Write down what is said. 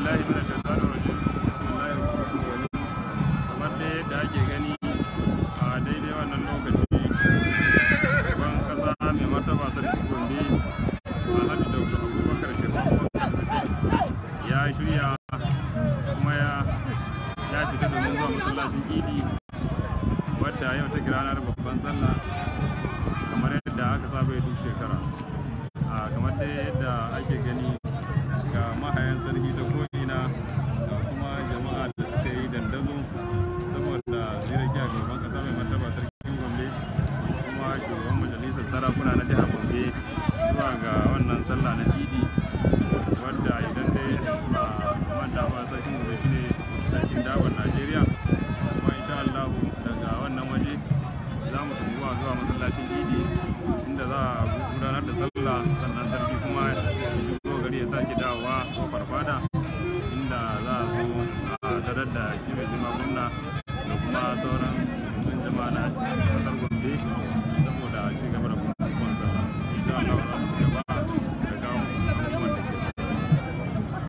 billahi min shaitanir rajim bismillahir rahmanir rahim kamar da yadda ake gani a daidai wannan lokaci ban kasa mai martaba sarki gombe alhaji dauka abubakar shekaru ya shirya kuma ya ya fita domin zuwa masallacin idi wadda yau ta ranar babban sallah kamar yadda aka saba duk shekara kamar yadda ake gani ga mahayan sarki da sarakuna na jihar Gombe zuwa ga wannan sallah na Idi wadda idan dai ba manta ba sarkin Gombe shine sarkin dawon Najeriya kuma insha Allah daga wannan waje za mu tafi zuwa masallacin Idi inda za a